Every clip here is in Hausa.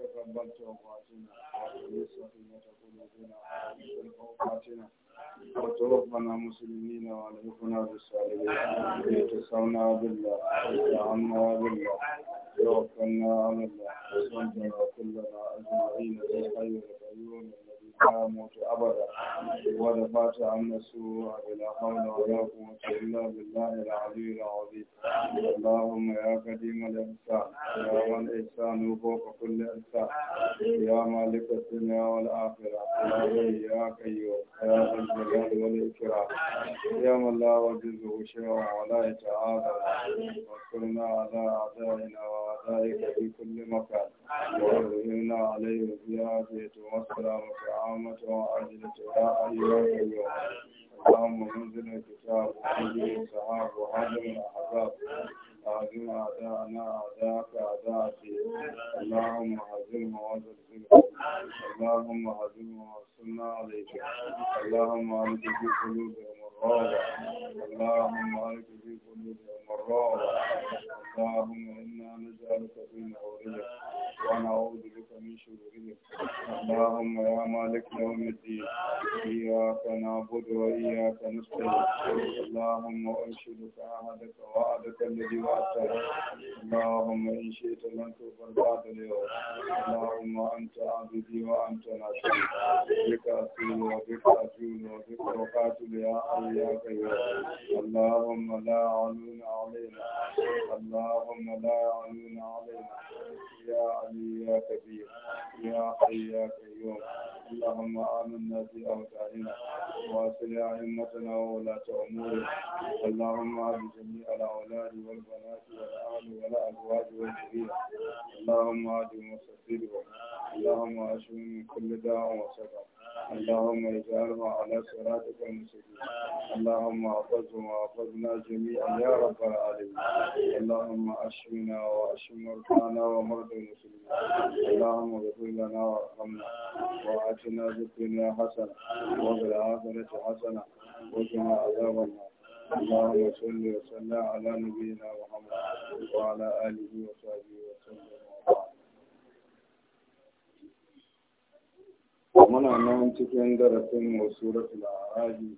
وتقبل توباتنا ويصلح لك قلوبنا ويصلح اوقاتنا وتوفنا مسلمين والحقنا بالصالحين اتصلنا بالله واستعنا بالله توكلنا على الله وسلمنا كلنا wadda ba ta annasu a ilahauna ya kuma tsalla billahi al’adu da wadda allahu mai aka dima da isa ya wanda isa nufo ka kulle isa ya malika suna wani afira ƙarfi ya kai yi wa ya zanta gani wani ikira ya malla wajen zuwa wala ya ta'ada da wakilina a a da yana wa da ya kai kulle maka wa rahimna alaihi ya ce da maka amma to a ajiyar to ya ayyuwa اللهم انزل الكتاب وانزل الصحاب وهزم الاحزاب وهزم اعداءنا اعداءك اعداء الدين اللهم هزمهم وزلزلهم اللهم هزمهم وارسلنا عليهم اللهم الق في قلوبهم الرعب اللهم الق في قلوبهم الرعب اللهم انا نجعلك في نحورهم ونعوذ بك اللهم يا مالك يوم الدين إياك نعبد وإياك نستعين اللهم أنشدك عهدك وعدك الذي وعدته اللهم إن شئت لن تغفر بعد اليوم اللهم أنت عبدي وأنت ناصري بك أصيل وبك أجول وبك أقاتل يا حي يا قيوم اللهم لا علون علينا اللهم لا علون علينا يا علي يا كبير يا حي يا قيوم اللهم آمنا في أوطاننا وأصل أئمتنا وولاة أمورنا اللهم أعز جميع الأولاد والبنات والأهل والأزواج والذرية اللهم أعز مستسيرهم اللهم أشف من كل داء وسبب اللهم اجعله على صراطك المستقيم اللهم احفظه واحفظنا جميعا يا رب العالمين اللهم اشفنا واشف مرضانا ومرضى المسلمين اللهم اغفر لنا وارحمنا واتنا في الدنيا حسنه وفي الاخره حسنه وقنا عذاب النار اللهم صل وسلم على نبينا محمد وعلى اله وصحبه muna nan cikin darasin da haraji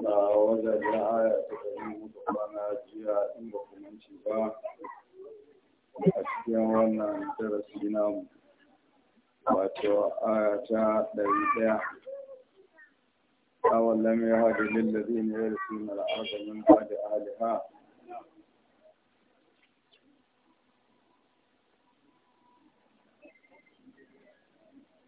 na wajajen aya ta ɗari hudu kwana jiya in ba kuma ci ba a cikin wannan darasi namu wato aya ta ɗari ɗaya ne ya للذين يرثون azumin ba da alifa?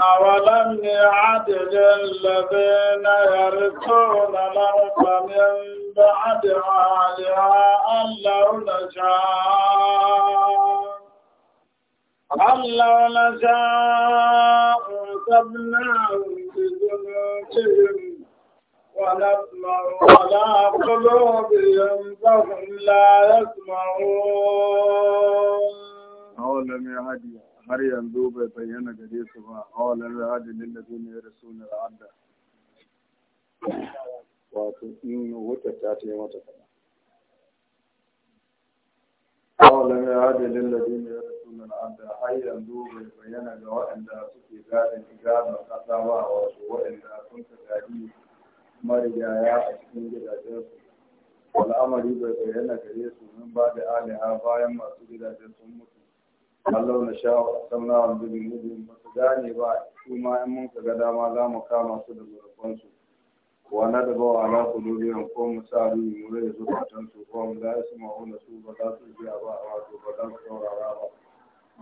أولم يعدل الذين يرثون الأرض من بعد أهلها أن لو نشاء أن لو نشاء أصبناهم بذنوبهم ونطمع على قلوبهم فهم لا يسمعون أولم يهدي har yanzu bai bayyana gare su ba A awalan ra'adin da zai ne rasulun ra'adda wato in wuta ta ta yi mata kana awalan ra'adin da zai ne rasulun ra'adda har yanzu bai bayyana ga waɗanda suke gadin gadin ƙasa ba wato waɗanda sun ka gadi marigaya a cikin gidajensu al'amari bai bayyana gare su nan ba da aliha bayan masu gidajen sun mutu Allah na sha sanna an bi ba su gane ba su ma in mun ga dama za mu kama su da zurfan wa na da ba ala ko mu sa ruhi mu rai zurfan su ko mu da su ma wanda su ba za su biya ba wato ba za su saurara ba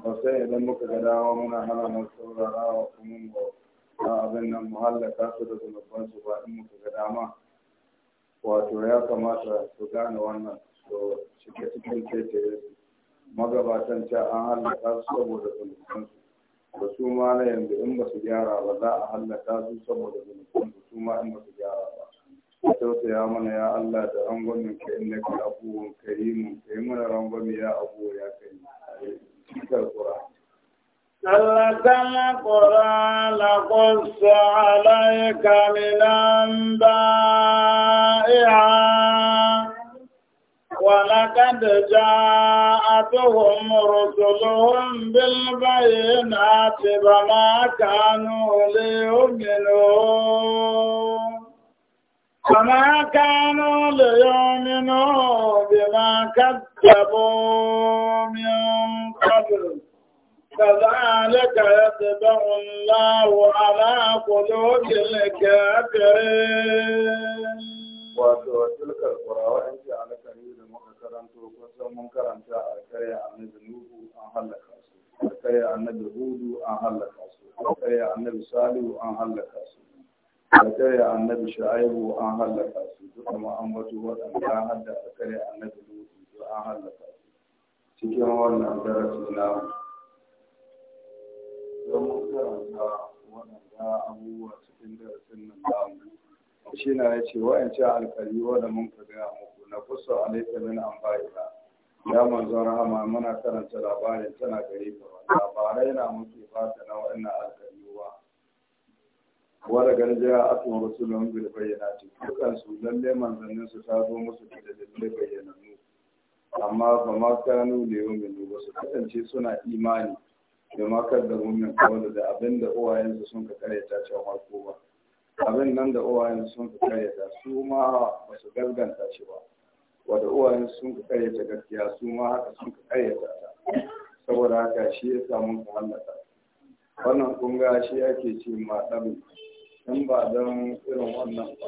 ba sai idan muka ga dama muna hana mu saurara wa kuma mu na abin nan mu hallaka su da zurfan ba in muka ga dama wato ya kamata su gane wannan su cike cikin taitaye su magabatan ce an hallaka su saboda zunubansu da su ma na yanzu in ba su gyara ba za a hallaka su saboda zunubansu su ma in ba su gyara ba ka ya mana ya Allah da rangwamin ka inda ka abubuwan karimu ka yi mana rangwami ya abubuwa ya kai cikar kura تلك القرى نقص عليك من أنبائها ولقد جاءتهم رسلهم بالبينات فما كانوا ليؤمنوا فما كانوا ليؤمنوا بما كذبوا من قبل كذلك يتبع الله على قلوب الكافرين. وتلك القرى وإن جعلك san mun karanta a karya annabi nuhu an halaka su a karya annabi hudu an halaka su a karya annabi salihu an halaka su a karya annabi shu'aibu an halaka su duk kuma an wato waɗanda an hadda a karya annabi nuhu duk an halaka su cikin wannan darasi na don mun karanta waɗanda abubuwa cikin darasin nan namu shi na ya ce wa'ancan alkali wanda mun ka gaya muku na kusa alaika min an bayyana ya manzo rahama muna karanta labarin tana gare ka labarai na muke fata na wannan alƙaryuwa wanda garjiya a tsohon rasulun bil bayyana ce dukkan su lalle manzannin su ta zo musu da dalilai bayyanannu amma ba ma kanu ne yau mai ba su kasance suna imani da makar da mumin kawai da abin da uwayensu sun ka karyata can harko ba abin nan da uwayensu sun ka karyata su ma ba su gaskanta shi ba wadda uwayen sun ka karyata gaskiya su ma haka sun ka karyata ta saboda haka shi ya samu ka hallaka wannan kunga shi ake ce ma ɗabi in ba don irin wannan ba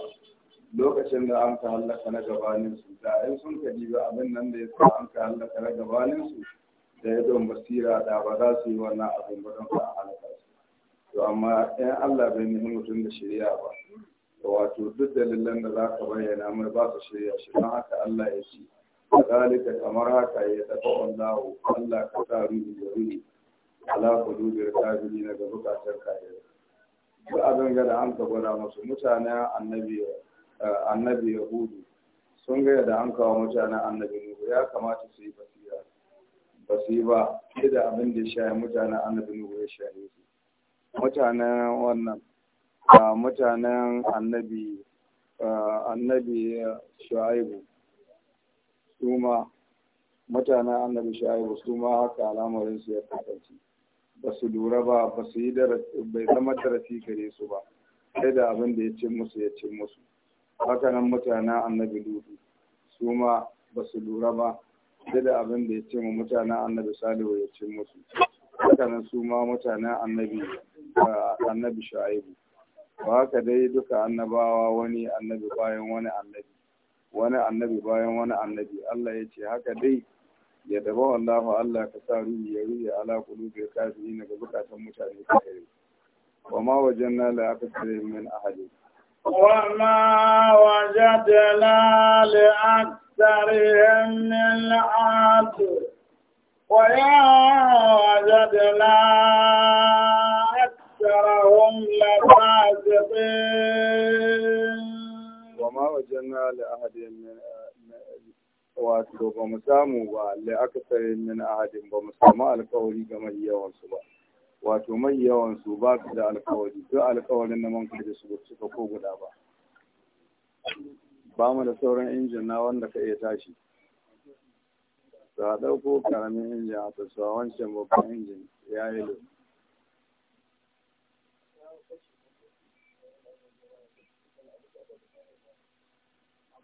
lokacin da an ka hallaka na gabanin su da in sun ka diba abin nan da ya sa an ka hallaka na gabanin su da ya don basira da ba za su yi wannan abin ba don ka halaka su to amma in Allah bai nemi mutum da shari'a ba wato duk dalilan da za ka bayyana mai ba su shirya shi don haka Allah ya ce zalika kamar haka ya tafi wallahu Allah ka sa ruhu-ruhu da alaƙa ala qulubil na ga bukatar kafirai duk a ganga da an ka gwada musu mutane annabi eh, yahudu sun ga da an kawo mutanen annabi nuhu ya kamata su yi basira ba su da abin da ya sha mutanen annabi nuhu ya shaye su mutanen wannan a mutanen annabi annabi shu'aibu su ma mutanen annabi shu'aibu su ma haka al'amarin su ya kasance ba su lura ba ba su yi bai zama darasi gare su ba sai da abin da ya cin musu ya cin musu hakanan mutanen annabi lutu su ma ba su lura ba sai da abin da ya ce mu mutanen annabi salihu ya ce musu hakanan su ma mutanen annabi annabi shu'aibu ba haka dai duka annabawa wani annabi bayan wani annabi wani annabi bayan wani annabi Allah ya ce haka dai ya daba wallahu Allah ka sa ruhi ya ruhi ala qulubi kafirin daga bukatan mutane kare wa ma wajanna la akthara min ahadi wa ma wajadna li aktharihim min ahadi wa ya wajadna أكثرهم لفاسقين وما وجدنا لأحد من wato ba mu samu ba أحد بمسامو sai ba mu samu alkawari ga mai ba wato mai ba su da alkawari duk da sauran injin na wanda ka iya tashi su a ɗauko karamin injin a tsasuwa wancan babban injin ya yi lokaci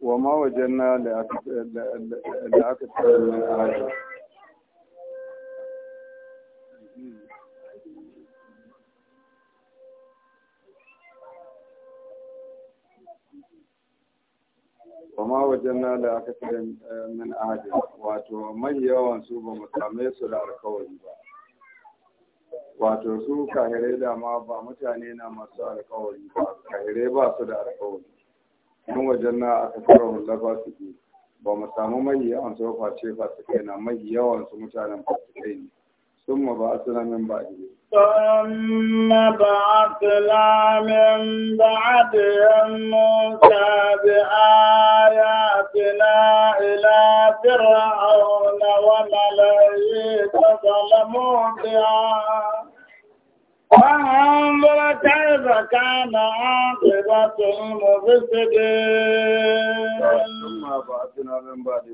wa ma wajenna da aka tsara min aya kuma wajen da aka cire min ahadin wato mai yawan su ba mu same su da alkawari ba wato su kahirai da ma ba mutane na masu alkawari ba kahirai ba su da alkawari in wajen na aka fara hular fasiki ba mu samu mai yawan su face kai na mai yawan su mutanen kai ne sun ma ba a suna min ba a ثم بعثنا من بعدهم موسى بآياتنا إلى فرعون وملئه فظلموا بها فانظر كيف كان عاقبة المفسدين أما بعدنا من بعد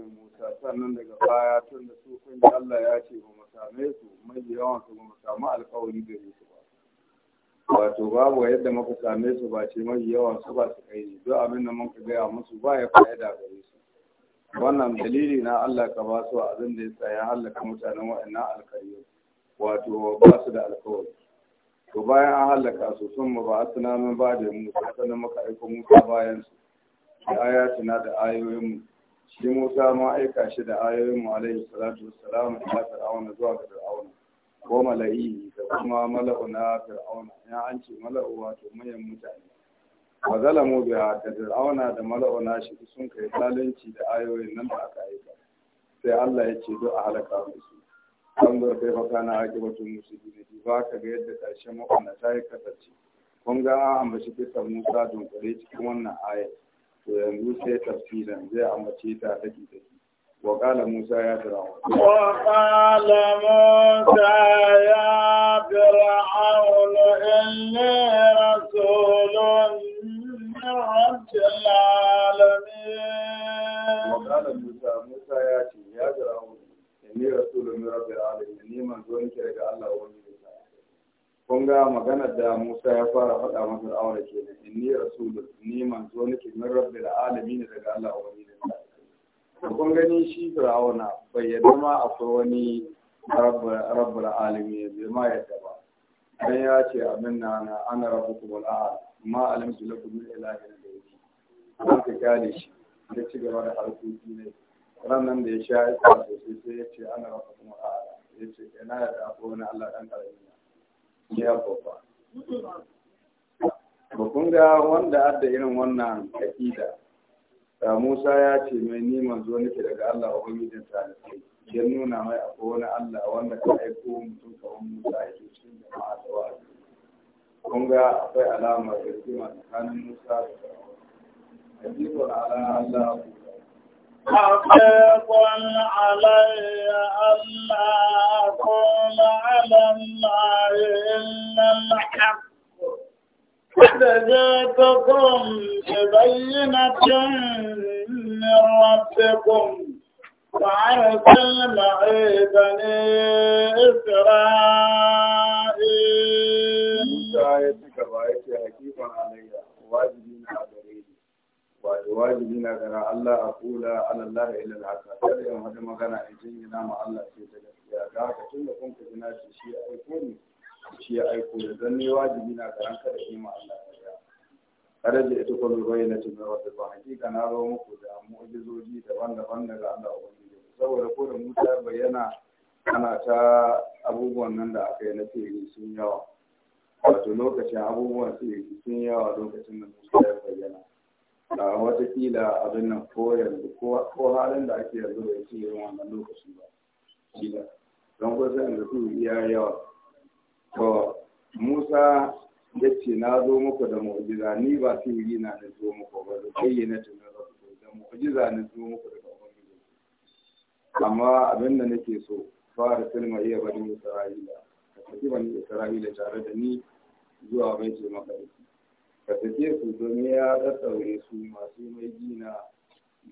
daga baya tun da su kun Allah ya ce ba mu mu samu ba wato babu yadda muka same su ba ce mai su ba su kai ne da muka gaya musu ba ya fa'ida gare wannan dalili na Allah ka ba su abin da ya sa ya halaka mutanen wa'annan alƙaryu wato su da alƙawari to bayan an halaka su sun mu ba asina min ba da musa sannan muka aiko musa bayan su da suna da ayoyin mu shi musa ma aika shi da ayoyin mu alaihi salatu wassalam ila fir'auna zuwa ga fir'auna ko mala'i da kuma mala'u na fir'auna ya an ce mala'u wato manyan mutane wa zalamu bi da fir'auna da mala'u na shi sun kai zalunci da ayoyin nan da aka aika sai Allah ya ce do a halaka su an kai baka na ake batun musu gidi ba ka ga yadda ƙarshen maƙwanda ta yi kasance kun ga an ambaci kisan musa dunkule cikin wannan ayat to yanzu sai tafsirin zai ambace ta daki daki ya موسى يا فرعون وقال موسى Ni rasulun min rabbil alamin ni manzo nake daga Allah ubangiji kun ga maganar da Musa ya fara faɗa masa da awara kenan inni rasulun ni manzo nake min rabbil alamin daga Allah ubangiji kun gani shi fir'auna bai yadda ma akwai wani rabbul alamin bai ma yadda ba dan ya ce abin na na ana rabbukum al'ala ma alimtu lakum min ilahin ghayri an ka kyale shi ya ci gaba da harkoki ne ranar da ya sha iska sosai sai ya ce ana rafa kuma a ya ce ina ya tafi wani Allah ɗan ƙarami na ya babba ba kun ga wanda adda irin wannan aƙida da Musa ya ce mai ni zo nake daga Allah a ubangijin talibai ya nuna mai akwai wani Allah wanda ka aiko mutum wani Musa ya ce cikin jama'a da wa'azi kun ga akwai alamar da rigima tsakanin Musa da Fir'auna. Ajiyar ala Allah حقيق علي ألا أقول على الله إلا الحق قد ببينة ربكم فأرسل معي إسرائيل. wato wajibi na gara Allah a kula alallah da ilal haka kada yan wata magana in jingina ma Allah ce ta gaskiya ga haka tun da kun ka jina shi shi ya aiko ni shi ya aiko ni dan ne wajibi na garan kada in ma Allah ta ga kada da ita ko bai na tun wata ba hakika na zo muku da mu'jizoji daban-daban daga Allah ubangiji saboda ko da Musa bayyana ana ta abubuwan nan da aka yi na fere sun yawa wato lokacin abubuwan sihiri sun yawa lokacin da Musa ya bayyana A watakila abin nan ko yanzu ko halin da ake yanzu bai ci irin wannan lokacin ba kila don ko sai da su iya yawa to Musa ya ce na zo muku da mu'jiza ni ba sihiri na na zo muku ba da bayyana tun da rabu da mu'jiza na zo muku daga amma abin da nake so fara silma iya bani Isra'ila ka tafi bani Isra'ila tare da ni zuwa bai ce maka maqdis ka sake su domin ya ɗaɗɗaure su masu mai gina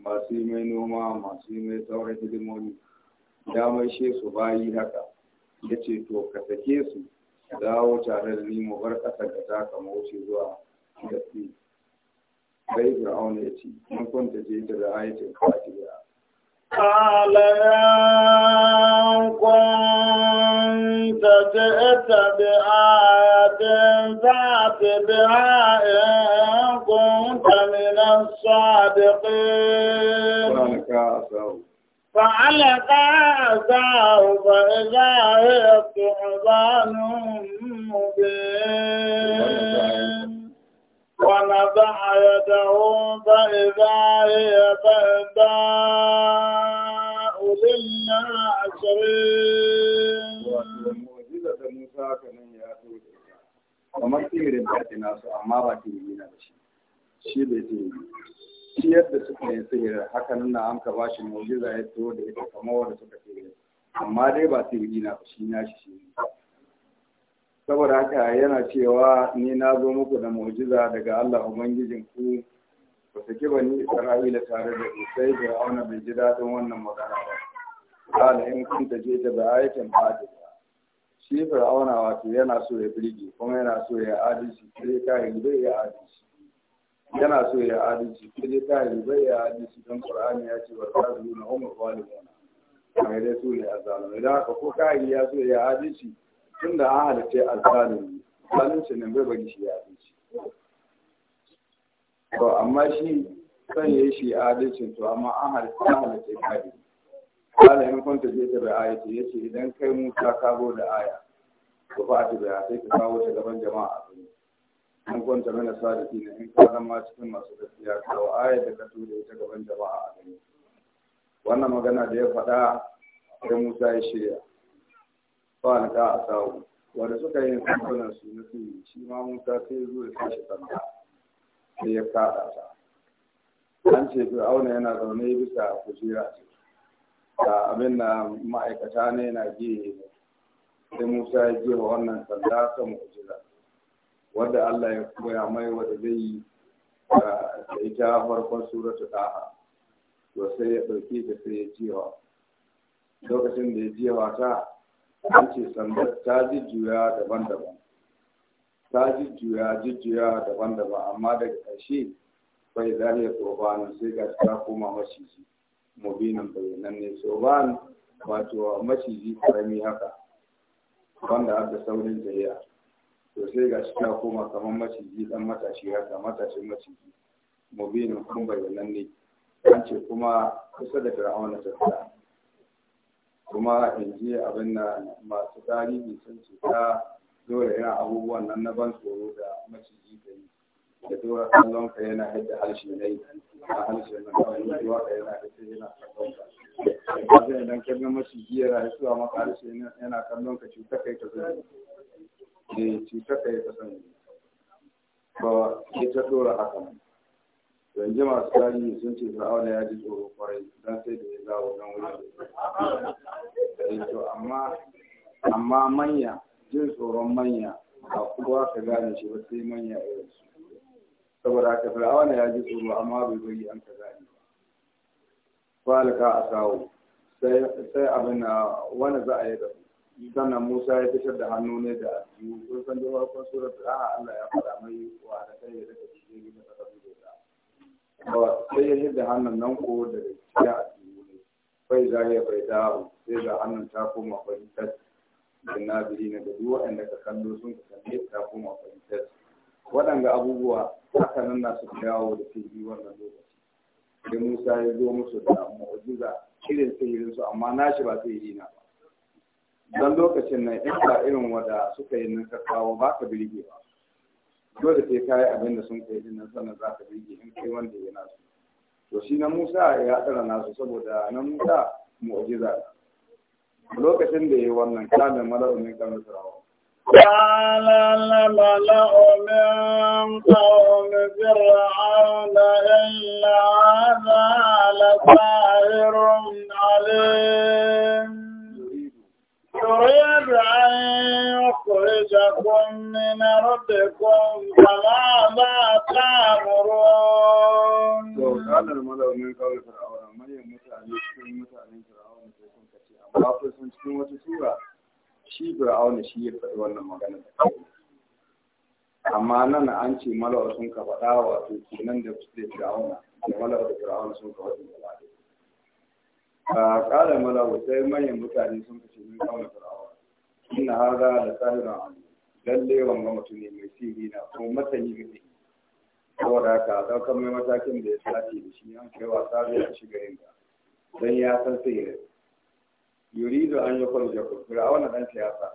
masu mai noma masu mai sauran hidimomi ya maishe su bayi haka ya ce to ka sake su dawo tare da mu bar ƙasa ga ta kama wuce zuwa gaske sai fir'auna ya ce mun kwanta tafi da ra'ayatin fatiha قال يا كنت جئت بآية فأت بها إن كنت من الصادقين فعلق عصاه فإذا هي ثعبان مبين نزع يده فإذا هي بيضاء للناظرين kamar tirin kaji nasu amma ba yi na da shi shi bai tirin shi yadda suka yi sihirin hakan na an ka ba shi mujiza ya to da ita kamar wanda suka tirin amma dai ba tirin na ba shi na shi shi saboda haka yana cewa ni na zo muku da mu'jiza daga Allah ubangijin ku ba su ki bani Isra'ila tare da ku sai auna bai ji daɗin wannan magana ba kana in kun ta je ta da ayatin ba. shi Fir'auna wato yana so ya birge kuma yana so ya adalci sai ka yi bai ya adalci yana so ya adalci sai ka yi bai ya adalci don Qur'ani ya ce wa ta'zuna umur zalimuna kamar dai su ne azalumai Idan haka ko ka yi ya so ya adalci inda an halitta alfalin zalunci ne bai bari shi ya adalci to amma shi san yi shi adalcin to amma an halitta an halitta kadi kala in kwanta je ta bai ya ce idan kai Musa kago da aya ko ba ta bai sai ka kawo ta gaban jama'a in kwanta mana sadiki ne in ka ma cikin masu gaskiya kawo aya da ka tura ita gaban jama'a a gani wannan magana da ya faɗa kai Musa ya shirya fa ta a sawu wanda suka yi kamfanin su na sirri shi ma musa sai zo ya shi sanda sai ya kada ta an ce auna yana zaune bisa kujera ce ta abin na ma'aikata ne na ne sai musa ya wa wannan sanda kan kujera Wanda allah ya koya mai wadda zai yi da ita farkon suratu ɗaha to sai ya ɗauki ta sai ya jewa lokacin da ya jewa ta an ce sanda ta juya daban-daban ta ji juya daban-daban amma daga ƙarshe bai zane tsobanin sai ga ta koma maciji mubinan bayanan ne tsoban wato maciji karami haka wanda aka saurin tafiya to sai ga shi ta koma kamar maciji dan matashi haka matashin maciji mubinan kuma bayanan ne an ce kuma kusa da fir'auna tattara kuma in ji abin na masu tarihi sun ce ta dole yana abubuwan nan na ban tsoro da maciji da yi da dora kallon ka yana hidda harshe na yi a harshe na kawai ka yana hidda yana kallon ka kaza idan ka ga maciji yana hisuwa maka harshe yana kallon ka cutar kai ka sani ne eh, cutar kai ka sani ba ke ta dora haka yanzu masu tarihi sun ce fir'auna ya ji tsoro kwarai don sai da ya zawo wajen wuri to amma amma manya jin tsoron manya ba kowa ka gane shi ba sai manya irin su saboda haka fir'auna ya ji tsoro amma bai bari an ka gane ba falka a kawo sai abin na wani za a yi da sannan Musa ya fitar da hannu ne da yi kun san da farkon surat Allah ya faɗa mai wa da kai da kake cikin gidan sai ya hidda hannun nan ko daga cikin addini ne bai za bai dawo sai ga hannun ta koma fahimtar na biyu na da duk waɗanda ka kallo sun ka kalle ta koma fahimtar waɗanda abubuwa haka nan na su dawo da fili wannan lokaci sai musa ya zo musu da mu'ujiza irin sihirin su amma nashi ba yi na ba don lokacin nan in ba irin wanda suka yi nan ka kawo ba ka birge ba dole sai kayi abin da sun kai din nan sannan za ka rige in kai wanda ya nasu to shi na Musa ya tsara nasu saboda na Musa mu'jiza lokacin da yayi wannan kana mala'u min kan sarawa قال الملأ من قوم فرعون إلا هذا لساهر عليم يريد أن يخرجكم من أرضكم فماذا تأمرون؟ لو كان الملأ من cikin amma cikin sura shi shi ya wannan da amma nan an ce malawa sun ka faɗa wato kenan da fir'auna da malawa da fir'auna sun ka a ƙalar malawu sai manyan mutane sun kashe min kama fir'awa inna haza da tsarin abu lalle wanga mutum ne mai sihiri na kuma masani ga sihiri saboda haka ɗaukar mai matakin da ya sace da shi an kai wasa zai a shiga yin don ya san sai sihirin yuridu an yi kwalje ku fir'auna ɗan siyasa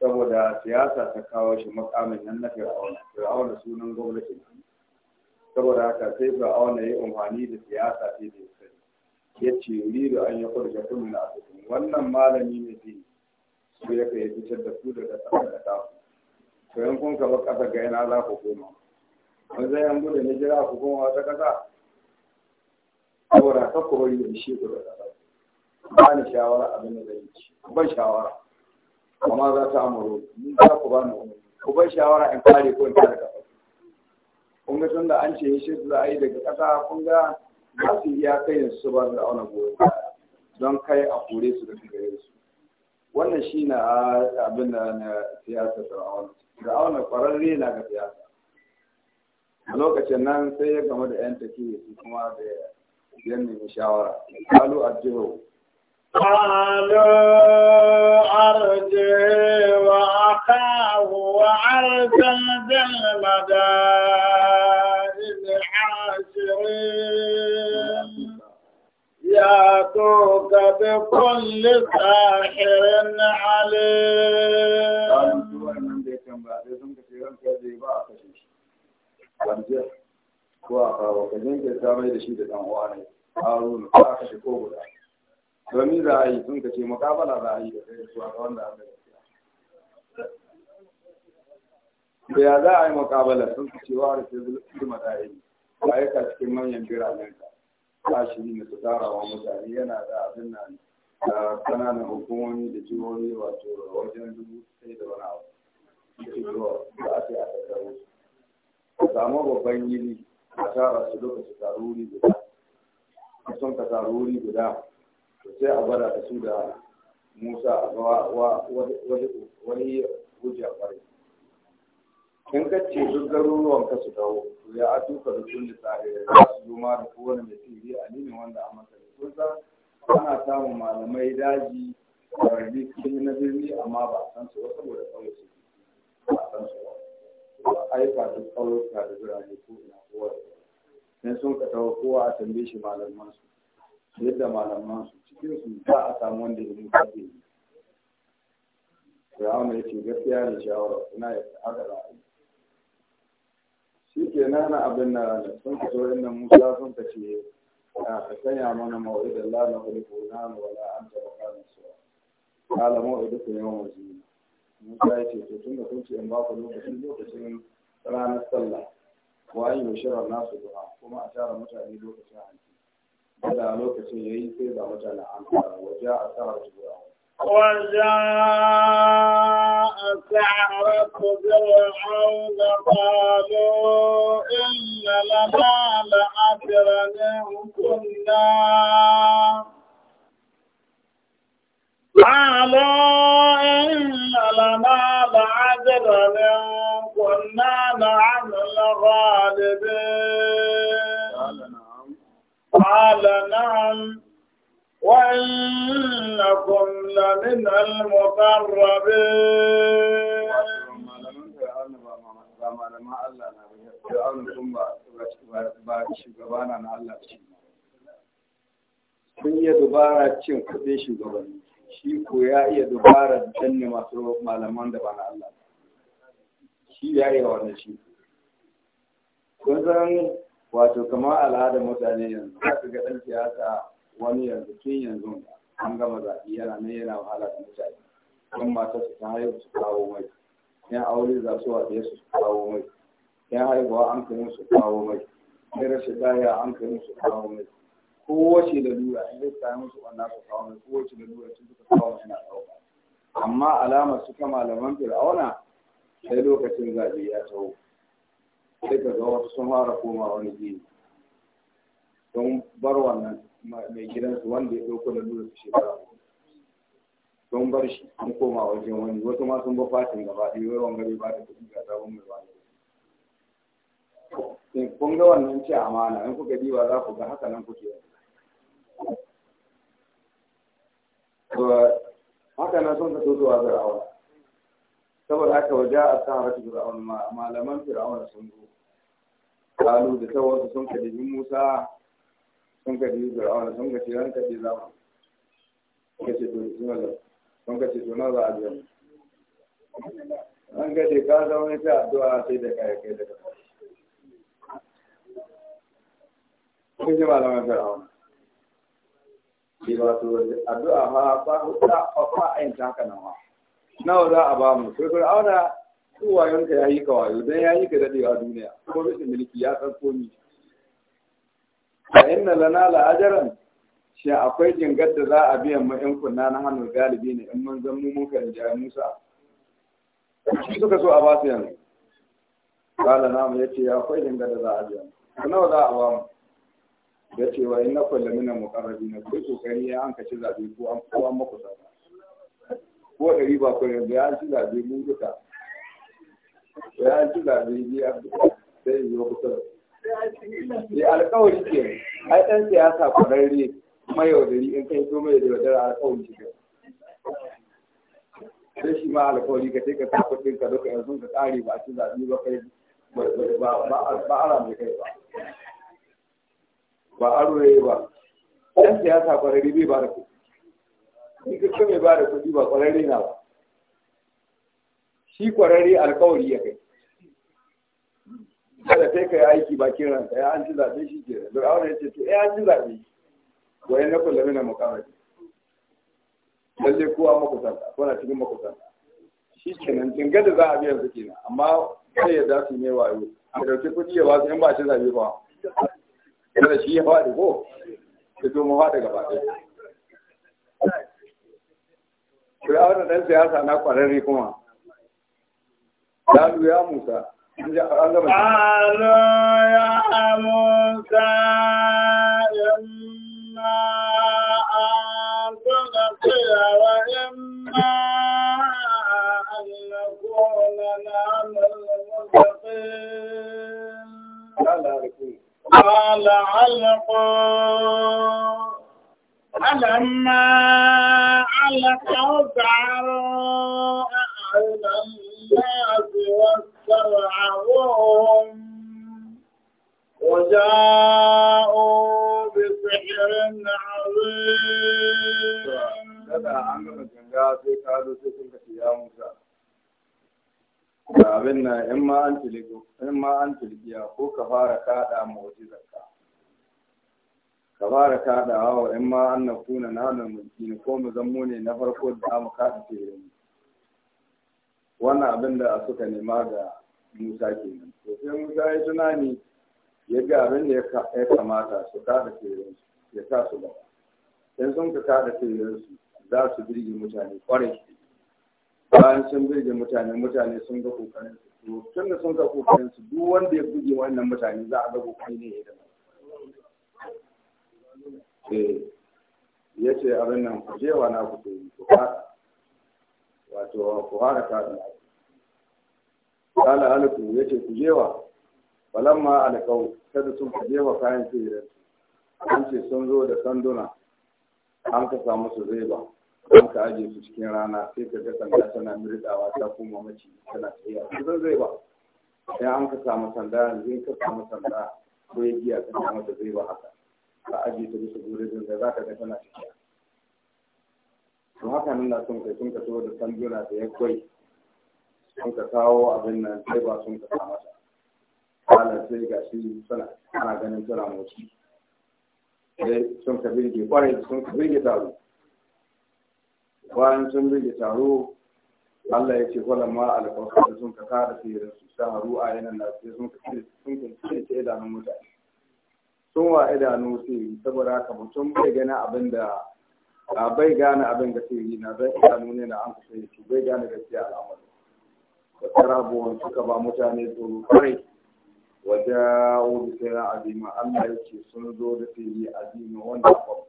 saboda siyasa ta kawo shi makamin nan na fir'auna fir'auna sunan gwamnati saboda haka sai fir'auna ya yi umarni da siyasa ce da ya sani yace yuridu an ya kurja kun na asibi wannan malami ne zai su ya kai fitar da su daga ƙasa da taku to yan kun kaba ƙasa ga yana za ku koma an zai an gudu ne jira ku koma wata ƙasa saboda ka ku bari da shi ku da ƙasa ba ni shawara abin da zai ci ban shawara amma za ta amuru ni za ku ba ni umarni ku ban shawara in kare ko in kare ƙasa kun ga tun da an ce shi za a yi daga ƙasa kun ga ba su iya kai su ba auna goyon don kai a kore su daga gare su wannan shi na abin da na siyasa da auna kwararre na ga siyasa a lokacin nan sai ya gama da yan take kuma da yan nemi shawara kalu a قالوا a وأخاه zan madara ويأتوك بكل ساحر عليم ko a kawo da shi da ko ko guda domin za a yi sun ka mukabala za a yi da zuwa ga wanda aka gaskiya da ya za a yi mukabala sun ka wa da ke zulma da yi ba yi ka cikin manyan birane ka kashiri da su tarawa mutane yana da abin nan da kananan hukumomi da jihohi wato wajen dubu sai da wani abu da ake a tattaro su a samu babban yini a tara su duka su taruri guda a son ka taruri guda sai a gwada da su da musa a ga wani hujja kwarai in ka ce duk garuruwan ka su dawo ya atuka da kulli sa'ir za su zo ma da kowane mai a alimin wanda a masa kun san ana samun malamai daji da kwararri cikin na birni amma ba a san su ba saboda kawai su ba a san su ba ba a yi fata kauyuka da birane ko ina kowa sai sun ka tawo kowa a tambaye shi malaman su yadda malaman su cikin su za a samu wanda ya mutu ke yi. Fir'auna ya ce gaskiya da shawara ina ya ta'adara a yi. shi ke nan abin da sun fito inda musa sun ta ce ka sanya mana mawa'idan la na wani kunan wala an taɓa kanin suwa kala mawa'idan ku yawan waje musa ya ce to tun da kun ce in ba ku lokacin lokacin ranar sallah ko an yi shirar nasu duha kuma a tara mutane lokacin hanci da lokacin ya yi sai ga mutane an fara waje a tara su duha وجاء سعرة فرعون قالوا إن لنا لأجرا إن كنا قالوا إن لنا لأجرا إن كنا نعم الغالبين قال نعم, نعم. وإنكم لمن المقربين sun iya dubara cin kuɗin shugabanni shi ko ya iya dubara danne masu malaman da ba na Allah shi ya wa wannan shi kun san wato kamar al'adar mutane yanzu za ka ga ɗan siyasa wani yanzu tun yanzu an gama zaɓi yana nan yana wahala da mutane don mata su ta haihu su kawo mai yan aure za su waɗe su kawo mai yan haihuwa an kai su kawo mai yan rashin daya an kai su kawo mai kowace da lura in zai kayan musu wanda su kawo mai kowace da lura sun suka kawo mai na ɗauka amma alamar suka malaman fir'auna sai lokacin zaɓe ya tsawo, sai ka ga wasu sun fara koma wani gini don bar wannan mai gidansu wanda ya ɗauko da nuna su shekara don bar shi an koma wajen wani wasu ma sun ba fatin gaba ɗaya wai gari ba da kuɗi ga sabon mai wani eh, kun ga wannan ce amana in kuka diba za ku ga haka nan kuke haka nan sun ka so zuwa fir'auna saboda haka waje a saharatu fir'auna malaman fir'auna sun zo kalu da sauransu sun ka Musa sun ka ji fir'auna sun ka ce ran ka ce za mu suka ce to bismillah sun ka ce to na za a biya mu ka ce ka zama addu'a sai da kai kai da ji fir'auna ba za a ba mu fir'auna ya yi ka ya yi ka duniya fa inna lana la ajran shi akwai jingar da za a biyan mu in kunna na hannun galibi ne in mun zan mu muka da Musa shi suka so a basu yanzu kala namu ya ce akwai jingar da za a biya mu nawa za a ba mu ya ce wa inna kullu min muqarrabi na kai kokari ya an kace zabe ko an ko an maku sa ko ɗari ba ko yanzu ya ci zabe mu duka ya ci zabe biya sai yi wa kusa ya alkawari ke ai ɗan siyasa ƙwararre mai yaudari in kai so mai da yaudara alkawari ke sai shi ma alƙawari ka sai ka sa kuɗin ka duka yanzu ka ƙare ba a ci zaɓi ba kai ba a ramu kai ba ba a rure ba ɗan siyasa ƙwararre bai ba da kuɗi in ka so mai ba da kuɗi ba ƙwararre na ba shi ƙwararre alƙawari ya kai kada sai ka yi aiki ba kiran ya an ci zaɓe shi ke da awon ya ce to ya eh, an ci zaɓe wa na kullum na mukamari lalle kowa makusanta ko na cikin makusanta shi kenan dinga da za a biyan su na, amma sai ya za su ne wayo a dauki kuɗi ya wasu in ba shi zaɓe ba kada shi ya faɗi ko ya zo mu faɗi gaba ɗaya Fir'auna ɗan siyasa na ƙwararre kuma. Lalu ya Musa, قالوا يا موسى إما أن تلقي وإما أن نكون نعم المتقين قال علقوا فلما علقوا تعالوا fara kaɗa mu'jizarka ka fara kaɗawa wa in ma an na kuna na hannun mulki ko mu zammo ne na farko da mu kaɗa firin wannan abin da suka nema ga musa kenan to sai musa ya tunani ya ga abin da ya kamata su kaɗa firin ya sa su ba. in sun ka kaɗa firin su za su birge mutane kwarai bayan sun birge mutane mutane sun ga kokarin su tun da sun ga kokarin su duk wanda ya guje wannan mutane za a ga kokari ne ya dama eh ya ce abin nan ku jewa na ku yi ku fara wato ku fara kaɗin kala alifu ya ce ku jewa ma alƙau kada sun ku jewa kayan sihirin an ce sun zo da sanduna an ka samu su zai ba ka aje su cikin rana sai ka ga sanda tana mirdawa ta kuma mace tana tsaye a cikin zai ba sai an ka samu sanda yanzu ka samu sanda ko ya giya ka samu da zai ba haka ka aje ta bisa zai zai za ka ga tana tsaye to haka nuna sun kai sun ka so da sanduna da ya kwai sun ka kawo abin nan sai ba sun ka samu ta halar sai ga shi suna ana ganin tana motsi sai sun ka birge kwarai sun ka birge taro bayan sun rage taro Allah ya ce wala ma alƙawar da sun ka kara sihirin su sa ruwa a yanar lafiya sun ka sun ka ce idanun mutane sun wa idanu sihiri saboda haka mutum bai gani abin da bai gane abin da yi na zai idanu ne na an kusa ya ce bai gane gaskiya al'amari da karabuwan suka ba mutane tsoro kwarai waja'u bi sayyin azima Allah ya ce sun zo da yi azima wanda babba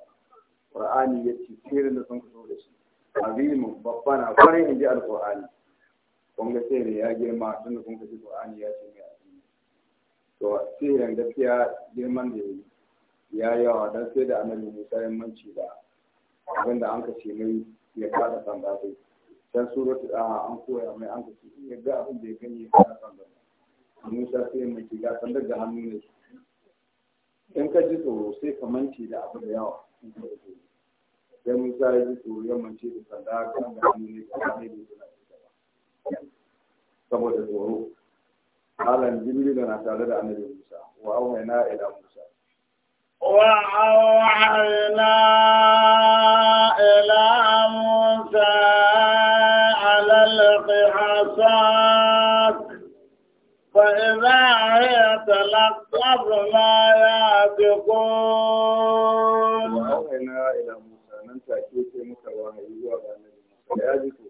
Qur'ani ce, sirrin da sun fito da shi azimu babbana kwarai in ji alkur'ani kun ga sai da ya girma tun da kun ka ji ƙur'ani ya ce mai azimu to sai yan gaskiya girman da ya yi ya yawa don sai da annabi musa ya manci da abin da an ka ce mai ya kada sanda sai su suratu a an koya mai an ka ce ya ga abin da ya gani ya kada sanda musa sai mai ki ga sandar da hannu ne in ka ji tsoro sai ka manci da abu da yawa in ka ji sai musa ya ji tsoro ya mace da sanda kan da hannu ne kan da ne suna saboda tsoro halan jibril na tare da annabi musa wa auhayna ila musa wa auhayna ila musa ala al-qihas fa idha hiya talaqqab ma sai muka wahayi zuwa ga annabi Musa ya ji to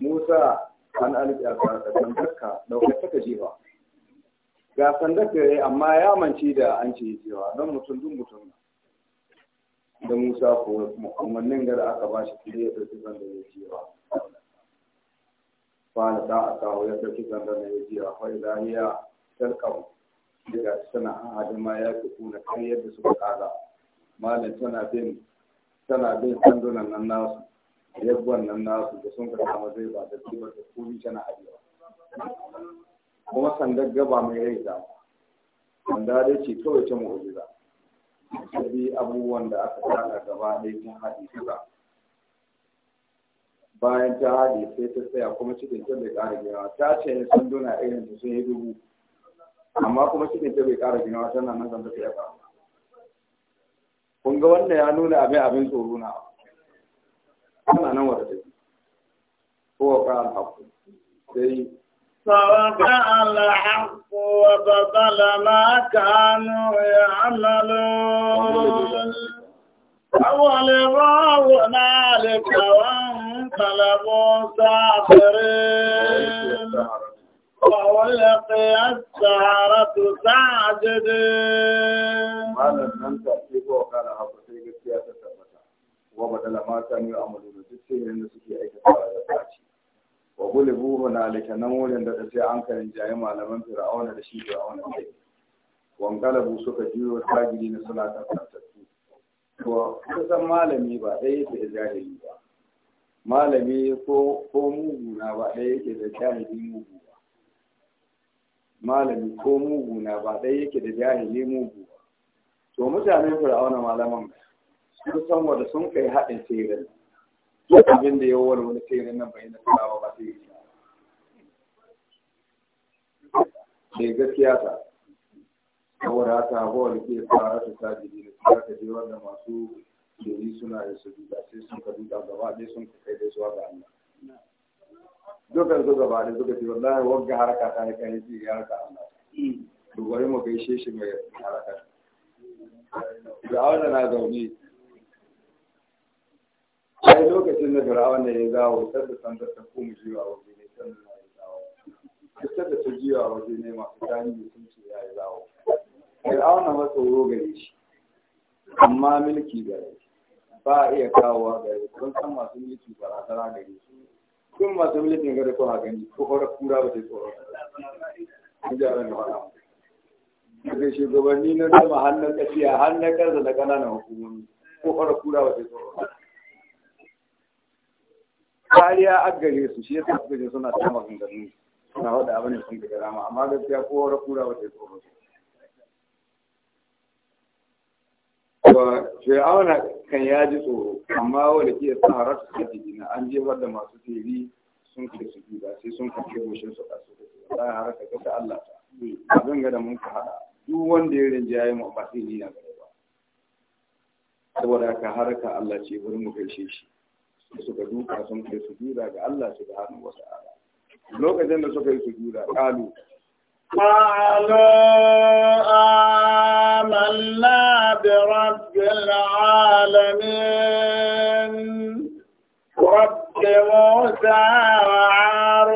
Musa an alƙi a daukar taka jefa ga amma ya manci da an ce cewa don mutum dun mutum da Musa ko umarnin aka ba shi ya ɗauki sanda ya jefa da a kawo ya ɗauki da ya jefa daga hadin ma ya fi kuna kan yadda suka kaga malam tana bin tana bin sandunan nan nasu yabban nan nasu da sun kasa mazai ba da kibar da kuri tana ajiyar. kuma sandar gaba mai rai da sanda dai ce kawai ta mu'ujiza sai abubuwan da aka tsaka gaba dai ta haɗe suka bayan ta haɗe sai ta tsaya kuma cikin ta bai ƙara ginawa ta ce sanduna irin da sun yi dubu amma kuma cikin ta bai ƙara ginawa tana nan zan ta yaba faru kun ga wannan ya nuna abin abin tsoro na ana nan wata take ko ka alhaku sai فوقع الحق وبطل ما na يعملون ولقوا هنالك وانقلبوا ساخرين وولقي السحرة ساجدين nan ta sai gaskiya ta tabbata wa badala ta ne amalu da duk sai suke da tsaci wa gulibu hunalika nan wurin da an malaman fir'auna da shi suka jiyo tagiri na suna kusan malami ba malami ko mugu na ba ɗaya yake da jahili mugu malami ko mugu na ba ɗaya yake da jahili mugu to mutanen fir'auna malaman sun san wanda sun kai haɗin tseren abin da ya wani tseren nan bai na kulawa ba sai ke gaskiya ta saboda haka bawal ke fara ta sajidi da kuma ka je wanda masu jeri suna da su duka sai sun ka duka gaba ɗaya sun ka kai da zuwa ga Allah dukan zo gaba da suka ce wallahi wanga haraka ta ne kan shi ya haraka Allah to bari mu gaishe shi mai haraka da na zaune Sai lokacin da Fir'auna ya zawo sai da san da ta kuma jiwa waje ne san da ya zawo sai da ta jiwa waje ne masu tani sun ce ya zawo Fir'auna ma tsoro gare shi amma milki gare shi ba a iya kawo gare sun don san masu mulki barazana da shi kun masu militin gari ko gani ko fara kura ba ta tsoro kun ji abin da faɗa daga shugabanni na sama hannun tafiya hannun na da ƙananan hukumomi ko fara kura ba ta tsoro kariya a gare su shi yasa suka je suna ta maganganu na faɗa abin da sun ga rama amma gaskiya ko fara kura ba tsoro wa fir'auna kan ya ji tsoro amma wanda ke sa haratu ta jiki an jefar da masu tsiri sun kai su ba sai sun kace goshin su kasu da za a haraka ka ta Allah ta abin ga da mun ka hada duk wanda ya rinjaye mu ba sai ni na gaba ba saboda ka haraka Allah ce wurin mu gaishe shi su ka duka sun kai su jira ga Allah su da hannu wasu ala lokacin da suka yi su jira kalu قالوا آمنا رب العالمين رب موسى وعارون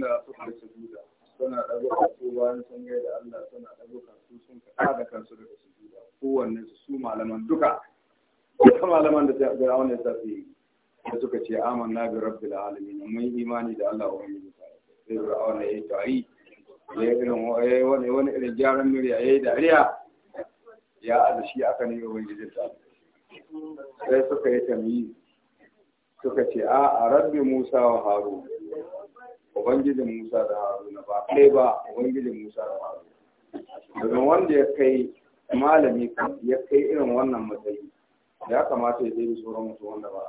da suka da Allah suna da kansu daga kowanne su malaman duka duka malaman da tafi da suka ce bi mun imani da Allah wa mun sai ya yi ya irin wani irin gyaran murya ya yi dariya ya shi aka ne ubangijinta sai suka yi tamyi suka ce a a rabbi musa wa haru ubangijin musa da haruna ba kai ba ubangijin musa da haruna daga wanda ya kai malami ya kai irin wannan matsayi ya kamata ya zai sauran musu wanda ba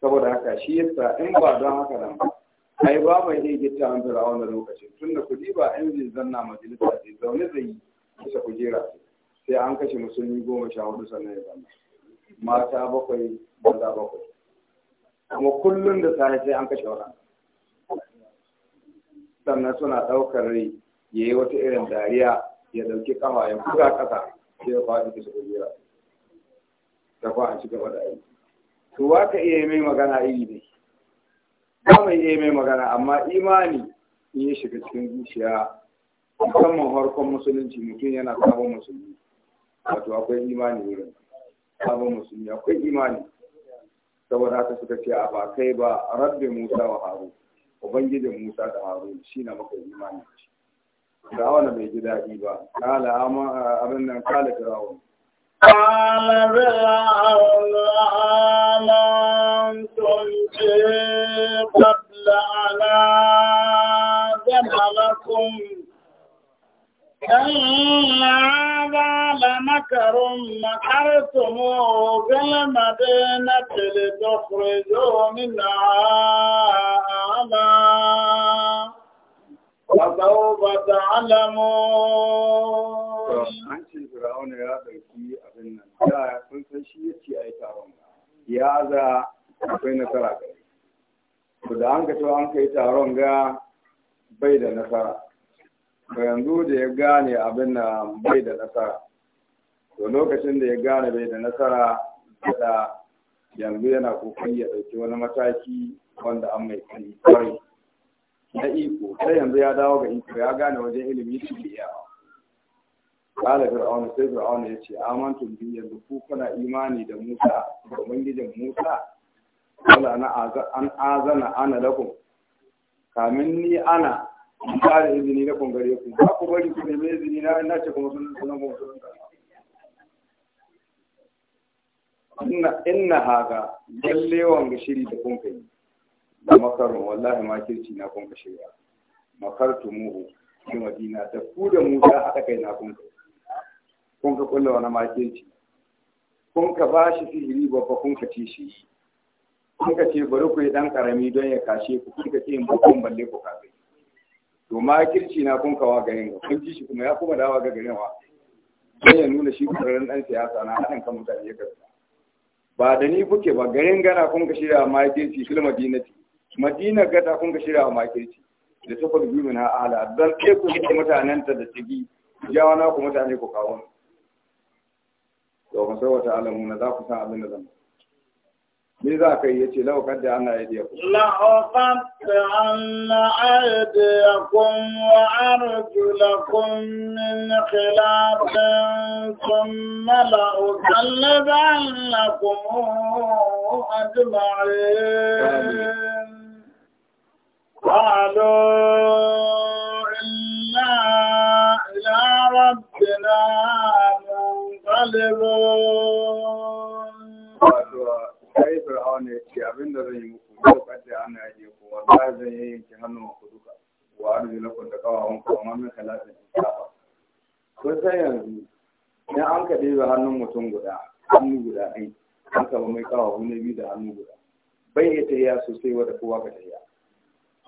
saboda haka shi yasa in ba don haka nan ba ai ba mai iya gita an fira wannan lokacin da kudi ba in zai zanna majalisa zai zaune zai yi bisa kujera sai an kashe musulmi goma sha hudu sannan ya zama mata bakwai maza bakwai kuma kullum da sani sai an kashe wannan sannan suna daukar rai ya yi wata irin dariya ya dauki kafa ya buga kasa sai ya faɗi bisa kujera ta kwa a ci gaba da aiki to ba ka iya mai magana iri ne ba mai iya mai magana amma imani in ya shiga cikin zuciya musamman harkon musulunci mutum yana sabon musulmi wato akwai imani wurin sabon musulmi akwai imani saboda haka suka ce a ba kai ba rabbi musa wa haru ubangijin musa da haru shi na maka imani da wani bai ji daɗi ba kala abin nan kala firawun قال فرعون آمنتم قبل أن آذن لكم إن هذا لمكر مكرتموه في المدينة لتخرجوا ba ta alamu. An ce ya ɗauki abin nan, ya san shi ya ce a yi taron ya za akwai nasara gari. Da an ka an kai taron ga bai da nasara. to yanzu da ya gane abin na bai da nasara to lokacin da ya gane bai da nasara da yanzu yana kokari ya ɗauki wani mataki wanda an mai kai kwarai na iko sai yanzu ya dawo ga iko ya gane wajen ilimi shi da ya kala fir'aun sai fir'aun ya ce amantu bi yanzu ku kuna imani da Musa da ubangijin Musa wala ana an azana ana lakum kamin ni ana ba da izini na kun gare ku ba ku bari ku nemi izini na na ce kuma sunan sunan kuma sunan ka inna inna haga lalle wanga shiri da kun kai da makarun wallahi ma kirci na kun ka shirya Makar muhu da madina da ku da mu ta haɗa kai na kun kai kun ka kulla wani makirci kun ka ba shi sihiri babba kun ka ci shi kun ka ce bari ku yi ɗan ƙarami don ya kashe ku kun ka ce in ba kun balle ku kafin to ma kirci na kun kawa garin ga kun ji shi kuma ya kuma dawa ga garin wa sai ya nuna shi kwararren dan siyasa na haɗin kan mutane ya karɓa ba da ni kuke ba garin gana kun ka shirya ma kirci fil madinati madina gata kun ka shirya ma kirci da safar biyu na ala dan ke ku ji mutanen ta da tigi jawa na ku mutane ku kawo to alamu na za ku san abin da zan me za ka yi ya ce laukar da ana aidiya ku. Laukar da ana aidiya kun wa arjula kun min khilafin kun mala ukallaba na kuma ajma'in. Ƙwalo inna ila rabbina munqalibun. sai fir'auna ya ce abin da zan yi muku da kadda ana yi ku wallahi zan yi yanki hannun ku duka wa na kwanta arjulakum da kuma ku amma min kalatin tsafa kun san yanzu idan an ka ɗebe hannun mutum guda hannu guda ɗai an ka mai kawawu na biyu da hannu guda bai iya tahiya sosai wata kowa ka tahiya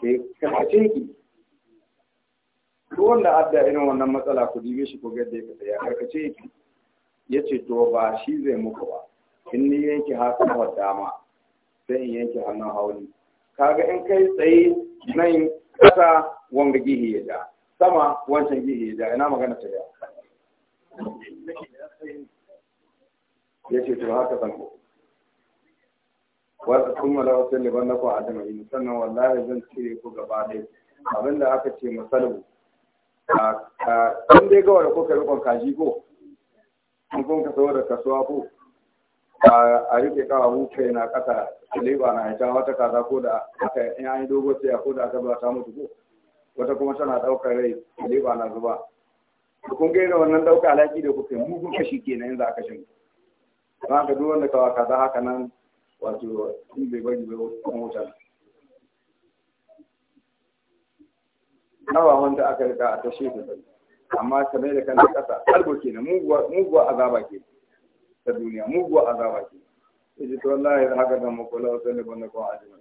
sai karkace ki duk wanda adda irin wannan matsala ku dibe shi ko gadda ya ka tahiya karkace ki ya ce to ba shi zai muku ba in ni yanke hannun dama sai in yanke hannun hauli kaga in kai tsaye nan kasa wanga gihi ya da sama wancan gihi ya da ina magana ta ya yace to haka san ko wata kun mala wasu liban na ku a jama'i sannan wallahi zan cire ku gaba ɗaya da aka ce masalbu a kan dai gawar kuka rikon kaji ko kun kun ka kasuwa ko a rike kawa wuce kai na kasa leba na ita wata kaza ko da aka in an yi dogo sai ko da aka ba ta mutu ko wata kuma tana daukar rai leba na zuba to kun gaira wannan dauka alaki da kuke mu kun kashi kenan yanzu aka shin ba haka duk wanda kawa kaza haka nan wato in bai bari bai mota nawa wanda aka rika a tashe ta amma kamar da kan kasa algo kenan muguwa azaba kenan ta duniya mugu azaba ce yace to wallahi da haka zan muku lawa sai ban ko ajin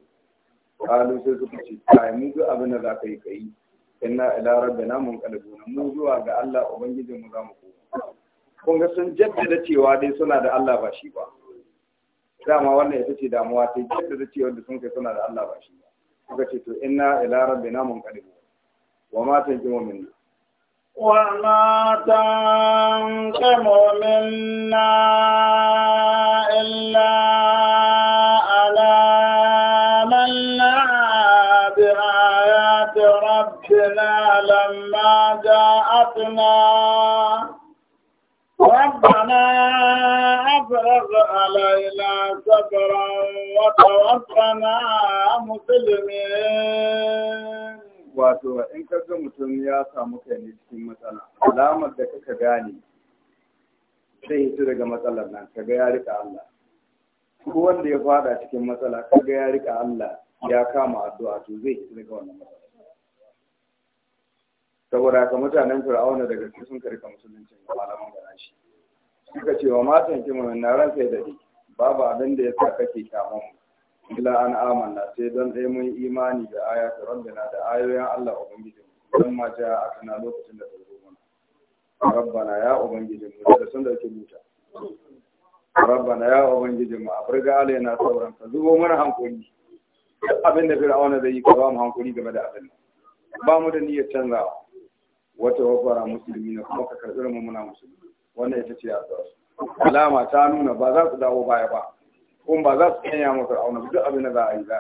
kalu sai suka ce kai mu duk abin da za ka yi ka yi. inna ila rabbina munqalibuna mu zuwa ga Allah ubangijin mu za mu koma kun ga sun jaddada cewa dai suna da Allah ba shi ba dama wannan ita ce damuwa ta jaddada cewa da sun kai suna da Allah ba shi ba suka ce to inna ila rabbina munqalibuna wa ma tanjimu minna وما تنقم منا إلا على منا بآيات ربنا لما جاءتنا ربنا أفرغ علينا صبرا وتوفنا مسلمين wato in ka ga mutum ya samu kai ne cikin matsala alamar da kaka gane sai hito daga matsalar nan kaga ya rika Allah ko wanda ya fada cikin matsala kaga ya rika Allah ya kama addu'a to zai hito daga wannan matsala saboda ka mutanen fir'auna daga cikin sun karka na malaman gana shi suka ce wa matan kimanin na ranka da ni? babu abin da ya sa kake kyamun mu illa an amanna sai dan sai mun imani da ayatu rabbina da ayoyin Allah ubangiji dan ma ja kana lokacin da tazo mana rabbana ya ubangiji mu da sun da ke muta rabbana ya ubangiji mu afirga alaina sauran ka zubo mana hankali abin da fir'auna zai yi kawo ba mu hankali game da abin ba mu da niyyar canzawa wata wafara musulmi na kuma ka karɓi mu muna musulmi wannan ita ce a alama ta nuna ba za ku dawo baya ba kuma ba za su kanya mu auna duk abin da za a yi za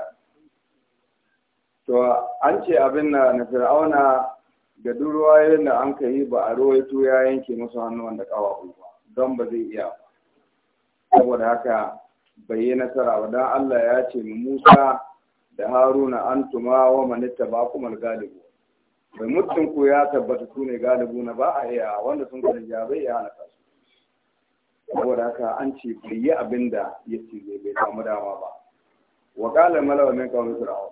to an ce abin na na fir'auna da duk da an ka ba a ruwaito ya yanke musu hannuwan da kawa ba don ba zai iya saboda haka bai yi nasara ba don Allah ya ce mu Musa da Haruna an tuma wa manitta ba kuma galibu bai mutum ku ya tabbata su ne galibu na ba a iya wanda sun ya bai iya hana saboda haka an ce bai yi abin da ya ce zai bai samu dama ba wa kala malawa min kawai fir'aun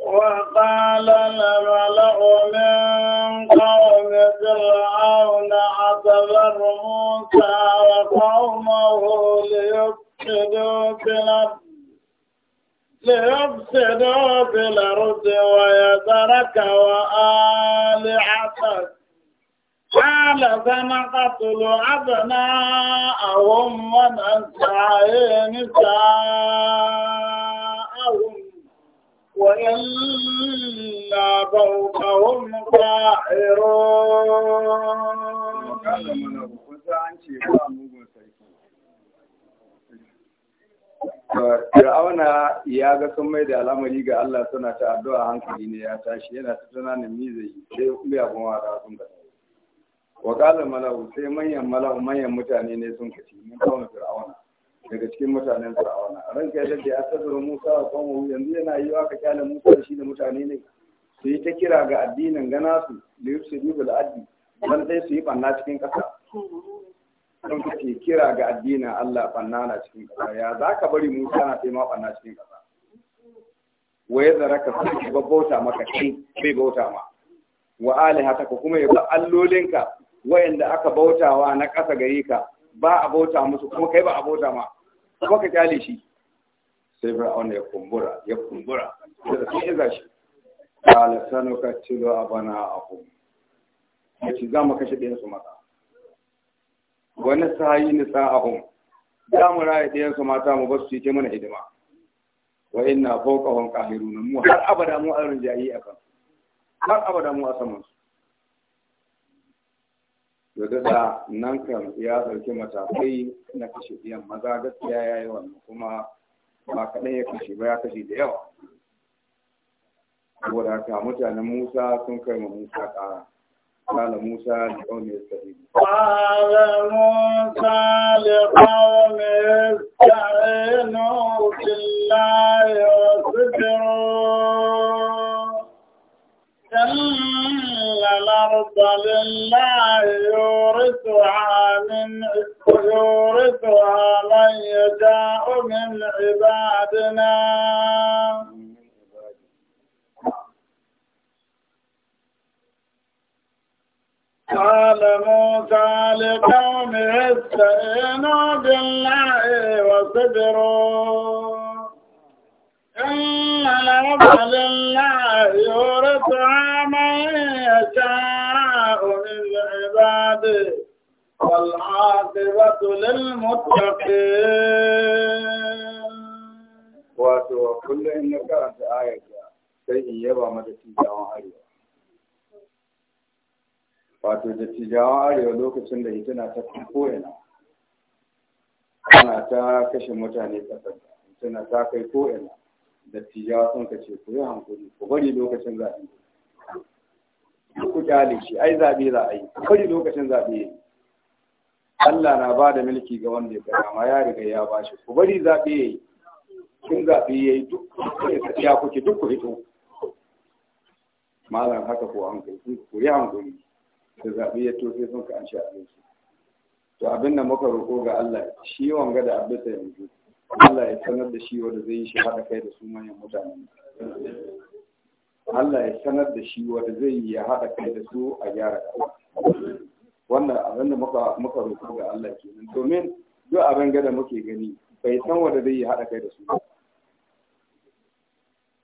وقال الملأ من قوم فرعون أتذر موسى wa ليفسدوا في الأرض ليفسدوا في الأرض ويذرك وآلهتك قال فما قتل أبناءهم ونسعي نساءهم وإلا فوقهم قاهرون Fir'auna ya ga sun mai da al'amari ga Allah suna ta addu'a hankali ne ya tashi yana ta tunanin mi zai sai ya kuma sun gasa. wa qala mala'u sai manyan mala'u manyan mutane ne sun kace mun kawo fir'auna daga cikin mutanen fir'auna ranka ya dace a tsazuru Musa wa kawo yanzu yana yi aka kyale Musa shi da mutane ne su yi ta kira ga addinin gana su da yusu bibul addi dan sai su yi banna cikin kasa sun kace kira ga addinin Allah banna na cikin kasa ya zaka bari Musa na sai ma banna cikin kasa wa ya zara ka sai bauta maka kai bai bauta ma wa alihataka kuma ya ba allolinka wayanda aka bautawa na ƙasa gare ka ba a bauta musu kuma kai ba a bauta ma kuma ka kyale shi sai fir'auna ya kumbura ya kumbura da sun iza shi qala sanuqatilu abana'ahum yace za mu kashe ɗayan su mata wani sayi nisa'ahum za mu raye ɗayan su mata mu basu cike mana hidima wa inna fawqahum qahirun mu har abada mu a rinjayi akan har abada mu a saman su yadda da nan kan ya ɗauki matakai na kashe biyan maza gaskiya ya yi wannan kuma ba kaɗai ya kashe ba ya kashe da yawa saboda haka mutanen musa sun kai ma musa ƙara قال موسى لقومه استعينوا قال موسى لقومه استعينوا بالله واصبروا الأرض لله يورثها من يورثها من يشاء من عبادنا قال موسى لقومه استئنوا بالله واصبروا إن لرب الله يورثها من يشاء من عباده والعاقبة للمتقين wato kullum in na karanta ayar sai in yaba mata tijawan arewa wato da tijawan arewa lokacin da hitina ta fi ko'ina ana ta kashe mutane ƙasar tana ta kai ko'ina dattijawa sun ka ce ku yi hankali ku bari lokacin zaɓe ku kyale shi ai zaɓe za a yi ku bari lokacin zaɓe Allah na ba da mulki ga wanda ya gama ya riga ya ba shi ku bari zaɓe ya yi kin zaɓe ya yi duk ya kuke duk ku hito malam haka ko an kai sun ku yi hankali da zaɓe ya to sai sun ka an sha abinci to abin da muka roƙo ga Allah shi wanga da abin yanzu Allah ya sanar da shi wanda zai yi shi haɗa kai da su manyan mutane Allah ya sanar da shi wanda zai yi ya haɗa kai da su a gyara wannan abin da muka roƙo ga Allah nan. domin duk abin gada muke gani bai san wanda zai yi haɗa kai da su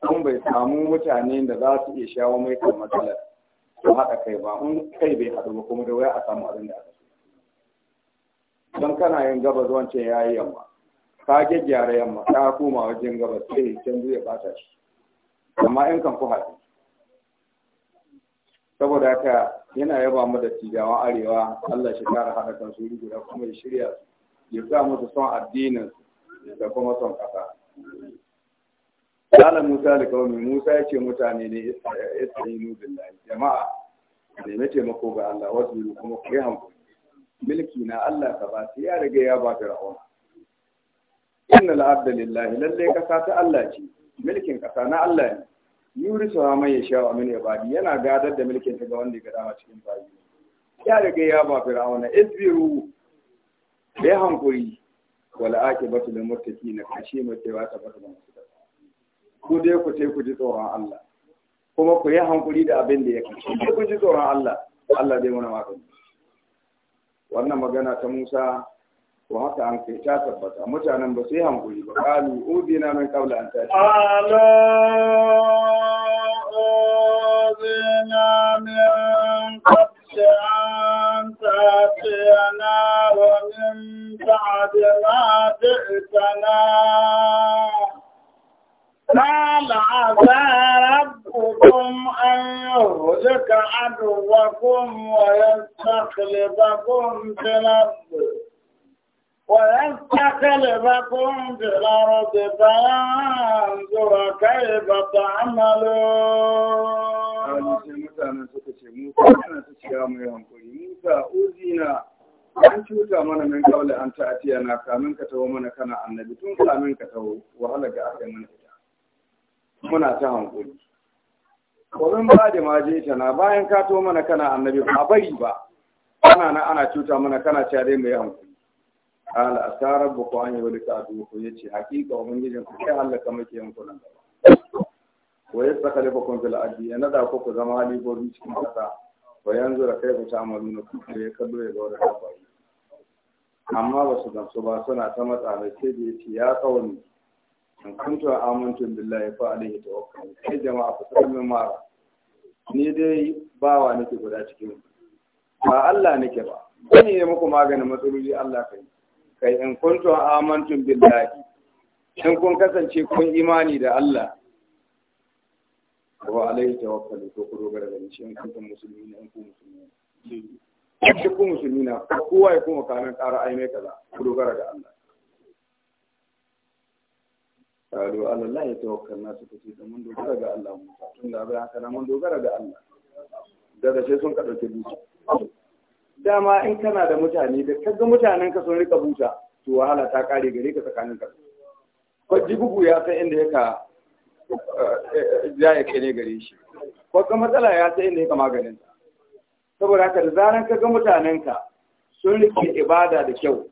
kun bai samu mutane da za su iya shawo mai kan matsalar su haɗa kai ba Kun kai bai haɗu ba kuma da waya a samu abin da aka so don kana yin gaba zuwan ce ya yi yamma ka gyaggyara yamma ta koma wajen gabas sai can ya bata shi amma in kan ku haɗu saboda haka yana yaba mu da tijawa arewa Allah shi kara haɗa kan su guda kuma ya shirya ya sa musu son addinin da kuma son ƙasa. Allah Musa da kawai Musa ya ce mutane ne istainu billahi jama'a ce taimako ga Allah wasu kuma ku yi hankali. Milki na Allah ka ba ya rage ya ba ta ra'awa. inna al'abda lillahi lalle kasa ta Allah ce mulkin kasa na Allah ne yuri sa mai ya sha amin ya badi yana gadar da mulkin ta ga wanda ya gada cikin bayi ya riga ya ba fir'auna isbiru bai hankuri wal akibatu lil muttaqin kashi mai cewa ta bata da musu ku dai ku sai ku ji tsoron Allah kuma ku yi hankuri da abin da ya kace ku ji tsoron Allah Allah zai mana magani wannan magana ta Musa ko haka an kai ta tabbata mutanen ba su yi hankuli ba kalu udina min qabla an tashi ala udina min qabla an tashi ana wa min ba'd ma ji'tana قال عسى ربكم أن يهلك عدوكم ويستخلفكم في الأرض ويستخلفكم في الأرض فينظر كيف تعملون. an cuta mana min kawai an ta atiya na kamin ka tawo mana kana annabi tun kamin ka tawo wahala ga aka yi mana ita muna ta hankali Kwazon ba da maje ta na bayan ka tawo mana kana annabi ba bari ba ana na ana cuta mana kana care mai hankali Ala, qala an qani wa likadu ko yace hakika ubangijin ku sai Allah ka muke yanku nan wa yasakale ko kun zala adi yana ko ku zama hali gori cikin kasa wa yanzu da kai ku ta amalu na ku sai ka dore ga wannan bayi amma ba su gamsu ba suna ta matsa da sai da yace ya kawani in kuntu amantu billahi fa alayhi tawakkal sai jama'a ku san min mara ni dai bawa nake guda cikin ba Allah nake ba ni ne muku maganin matsaloli Allah ka yi. kai in kuntum amantu billahi in kun kasance kun imani da Allah wa alaihi tawakkalu to ku dogara da shi in kuntum musulmi ne in ku musulmi ne shi ku musulmi na kowa ya kuma kamin ƙara ai mai kaza ku dogara da Allah ya على الله توكلنا سكتي da mun dogara ga Allah mun tun da bai haka mun dogara ga Allah daga sai sun ka dauke duki dama in kana da mutane da kaga mutanen ka sun rika buta to wahala ta kare gare ka tsakanin ka ko bugu ya san inda yaka eh, ya yake ne gare shi kwakwa matsala ya san inda yaka maganin ta saboda haka da zaran kaga mutanen ka sun rike ibada da kyau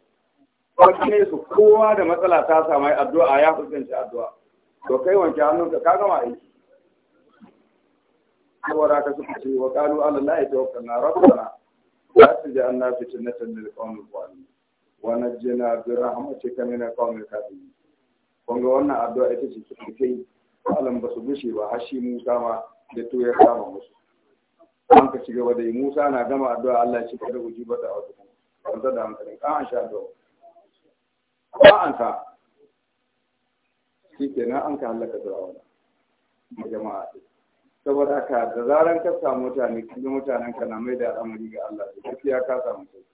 ne su kowa da matsala ta samu addu'a ya fuskanci addu'a to kai wanke hannunka ka gama aiki saboda haka suka ce wa kalu alallahi tawakkalna rabbana latija anna fitinatan lil qawmi zalimin wa najjina birahmatika min alqawmi alkafirin kongo wannan addu'a ita ce ke kai alam basu gushi ba a shi musa ma da tuya kama musu an ka cigaba da musa na gama addu'a Allah ya ce cika da ujuba da wasu kan da hankali an sha do ba an ka shi na an ka halaka da wannan jama'a saboda haka da zaran ka samu mutane kuma mutanen ka na mai da al'amari ga Allah da gaskiya ka samu kai,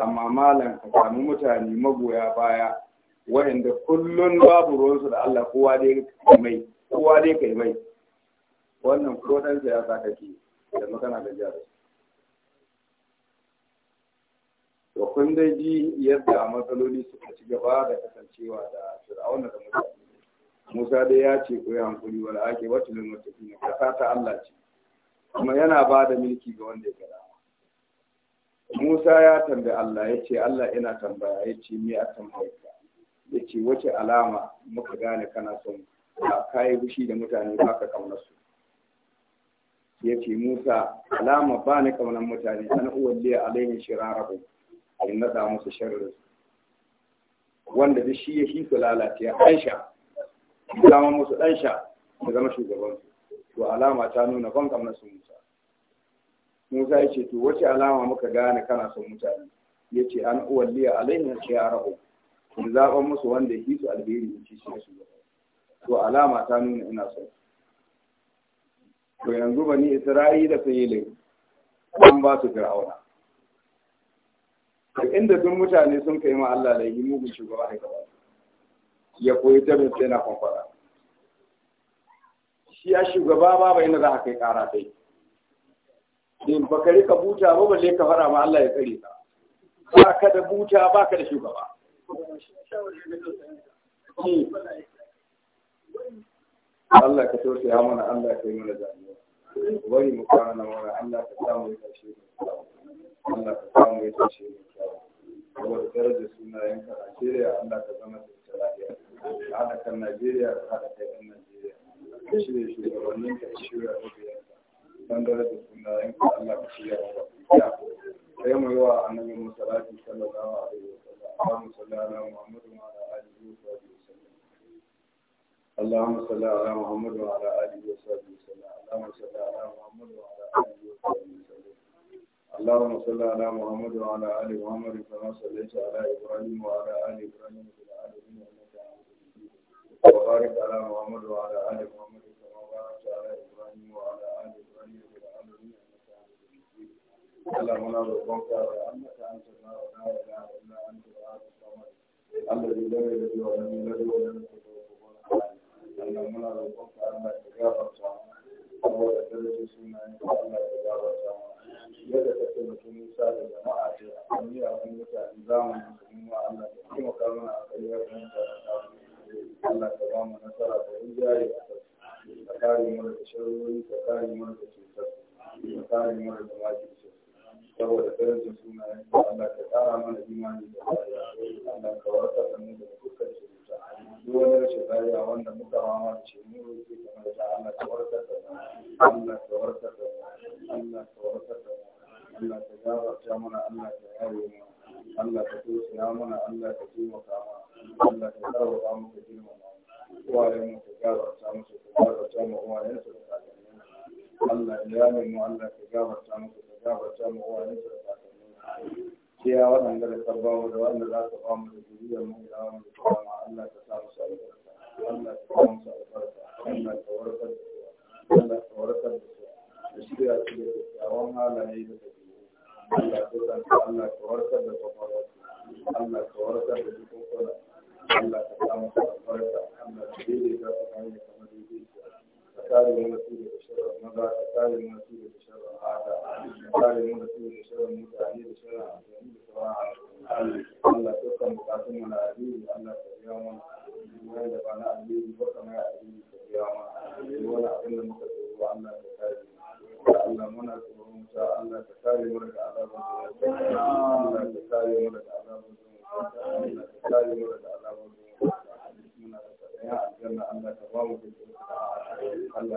amma malam ka samu mutane magoya baya wa'anda kullun babu ruwansu da Allah kowa dai mai kowa dai kai mai wannan ko dan siyasa kake da magana da jihar to kun dai ji yadda matsaloli suka ci gaba da kasancewa da fir'auna da mutane Musa dai ya ce ko ya hankuri wa ake wata lil muttaqin kasa ta Allah ce kuma yana ba da mulki ga wanda ya gada Musa ya tambayi Allah ya ce Allah ina tambaya ya ce me a tambayarka ya ce wace alama muka gane kana son ka kayi fushi da mutane ba ka kauna su ya ce Musa alama ba ni kaunan mutane an uwalle alaihi shirarabu in nada musu sharri wanda da shi ya shi su lalace Aisha zama musu ɗan sha da zama shugabansu to alama ta nuna ban kamar su musa musa ya ce to wace alama muka gane kana son mutane ya ce an uwalliya ya rabu, in zaɓan musu wanda ya su alheri in ci shi su to alama ta nuna ina son to yanzu bani isra'ila sai yi laifi an ba su fir'auna to inda duk mutane sun kai ma Allah laifi mugun shugaba da gaba ya koyi ta mai sai na kwankwada shi ya shugaba ba bai na za a kai kara dai in ba ka rika buta ba balle ka fara ma Allah ya tsare ka ba ka da buta ba ka da shugaba Allah ka ya mana Allah ka yi mana jami'a wani mu na wani Allah ka samu ya tashi Allah ka samu ya tashi ne kyawu saboda darajar sunayen ka a Allah ka zama da da haɗa kan Najeriya da haɗa kai ɗan Najeriya ka shirya shugabannin ka shirya mabiyanka bangare da sunayen ka Allah ka shirya wa ya sai mu yi wa annabi musallati sallallahu alaihi wa sallam Allahumma salli ala Muhammadin wa ala alihi wa sahbihi wasallam اللهم صل على محمد وعلى اله وصحبه وسلم اللهم صل على محمد وعلى اله وصحبه اللهم صل على محمد وعلى ال محمد كما صليت على ابراهيم وعلى ال ابراهيم في العالمين انك حميد مجيد وبارك على محمد وعلى ال محمد كما باركت على ابراهيم وعلى ال ابراهيم في العالمين انك حميد مجيد اللهم نرجوك انك انت الله لا اله الا انت العزيز الصمد الذي لا يلد ولم يولد ولم ba mu Allah ka ba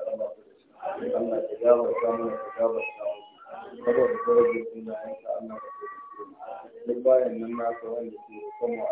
gafarta mana ka da musu kada ka rage sunayen ka Allah da duk bayan nan naka wanda ke sama